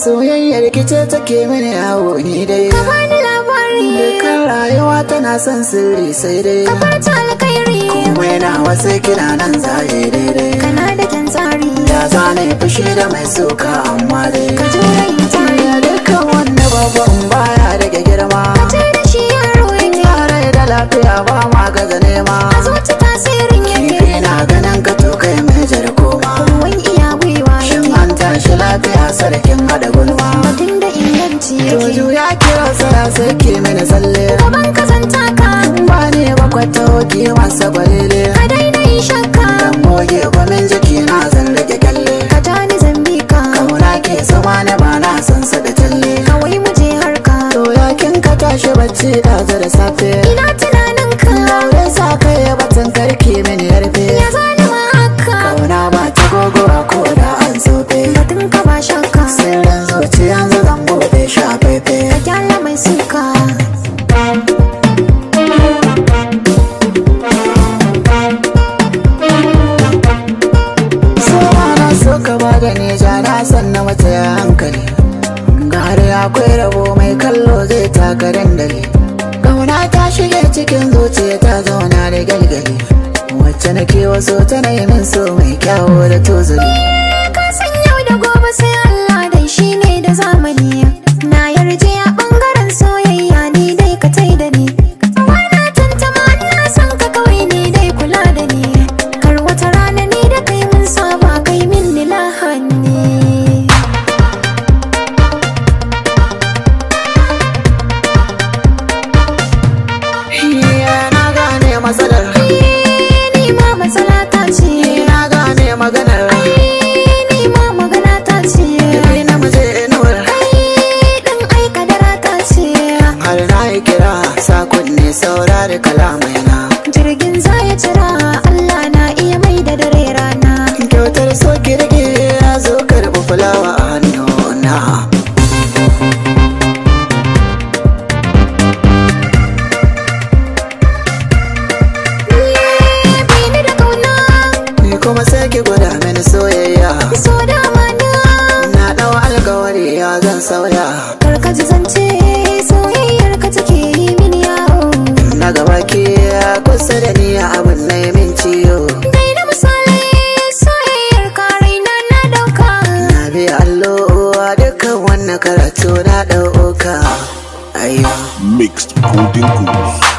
Soyayyar kice take mini yawo ni dai. Ka bani labari. Dukkan rayuwa tana son sirri sai dai. Ka fata alkhairi. Kuma yana wasu kina nan zaye daidai. Kana da kyan tsari. Ya zane fushi da mai suka amma dai. Ka lafiya ba ma gaza nema a zuci tasirin yake na ganin ka to kai mai jar koma ruwan iya gwiwa shin an tashi lafiya sarkin hada gulma mutum da inganci yake to ya kira sara sai ke mana tsalle gaban ka ka ba ne ba kwata hoki masa balele ka daidai shakka dan goge gwamin jiki na zan rage kyalle ka tani zambi ka kauna ke sama na ba na san sa da talle kawai mu je harka to kin ka tashi bacci da da safe akwai rabo mai kallo zai taka dandali Ƙauna ta shige cikin zuciya ta zauna da galgali Wacce nake wasu ta na yi min so mai kyawo da ka Kasan yau da gobe sai Allah dai shine matsalar ni ma matsala ta ce na gane maganar ni ma magana ta ce ni na mace inuwar dan ai kadara ta ce har na yi kira sakon ne saurari kalamai na jirgin za ya cira zan sauya karka zance soyayyar ka take yi min yawo na gaba ke kusa da ni a abin na yi min ciwo dai na misali soyayyar ka raina na dauka na bi allo dukkan wannan karatu na dauka ayo mixed coding course.